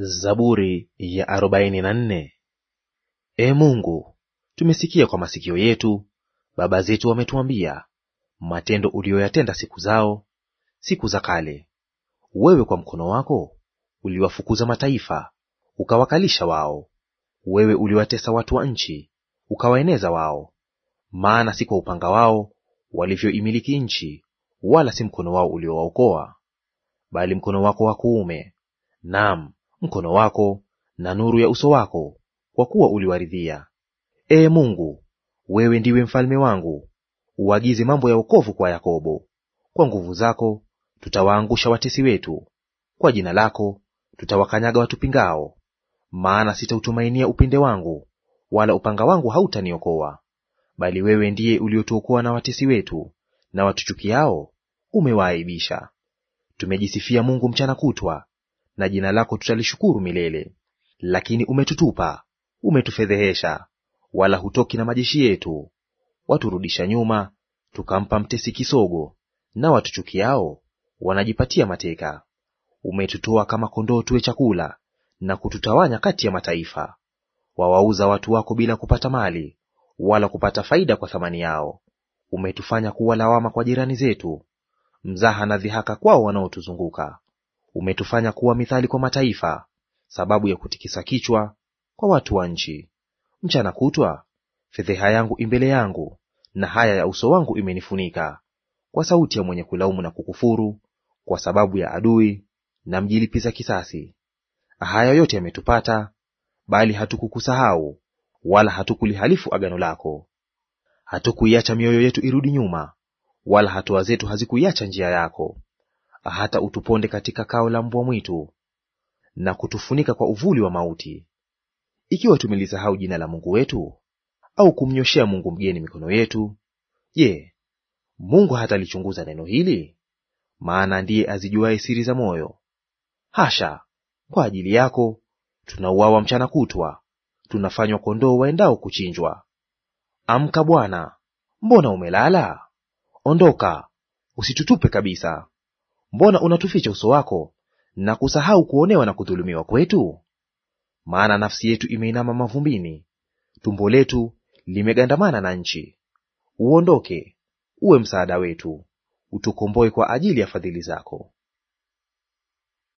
Zaburi ya arobaini na nne. E Mungu, tumesikia kwa masikio yetu, baba zetu wametuambia matendo uliyoyatenda siku zao, siku za kale. Wewe kwa mkono wako uliwafukuza mataifa, ukawakalisha wao; wewe uliwatesa watu wa nchi, ukawaeneza wao. Maana si kwa upanga wao walivyoimiliki nchi, wala si mkono wao uliowaokoa, bali mkono wako wa kuume; naam mkono wako na nuru ya uso wako, kwa kuwa uliwaridhia. Ee Mungu, wewe ndiwe mfalme wangu. Uagize mambo ya wokovu kwa Yakobo. Kwa nguvu zako tutawaangusha watesi wetu, kwa jina lako tutawakanyaga watupingao. Maana sitautumainia upinde wangu, wala upanga wangu hautaniokoa. Bali wewe ndiye uliotuokoa na watesi wetu, na watuchukiao umewaaibisha. Tumejisifia Mungu mchana kutwa, na jina lako tutalishukuru milele. Lakini umetutupa, umetufedhehesha, wala hutoki na majeshi yetu. Waturudisha nyuma, tukampa mtesi kisogo, na watuchukiao wanajipatia mateka. Umetutoa kama kondoo tuwe chakula, na kututawanya kati ya mataifa. Wawauza watu wako bila kupata mali, wala kupata faida kwa thamani yao. Umetufanya kuwa lawama kwa jirani zetu, mzaha na dhihaka kwao wanaotuzunguka umetufanya kuwa mithali kwa mataifa, sababu ya kutikisa kichwa kwa watu wa nchi. Mchana kutwa fedheha yangu imbele yangu, na haya ya uso wangu imenifunika, kwa sauti ya mwenye kulaumu na kukufuru, kwa sababu ya adui na mjilipiza kisasi. Haya yote yametupata, bali hatukukusahau wala hatukulihalifu agano lako. Hatukuiacha mioyo yetu irudi nyuma, wala hatua zetu hazikuiacha njia yako hata utuponde katika kao la mbwa mwitu, na kutufunika kwa uvuli wa mauti. Ikiwa tumelisahau jina la Mungu wetu au kumnyoshea Mungu mgeni mikono yetu, je, Mungu hatalichunguza neno hili? Maana ndiye azijuaye siri za moyo. Hasha! Kwa ajili yako tunauawa mchana kutwa, tunafanywa kondoo waendao kuchinjwa. Amka Bwana, mbona umelala? Ondoka, usitutupe kabisa mbona unatuficha uso wako na kusahau kuonewa na kudhulumiwa kwetu? Maana nafsi yetu imeinama mavumbini, tumbo letu limegandamana na nchi. Uondoke uwe msaada wetu, utukomboe kwa ajili ya fadhili zako.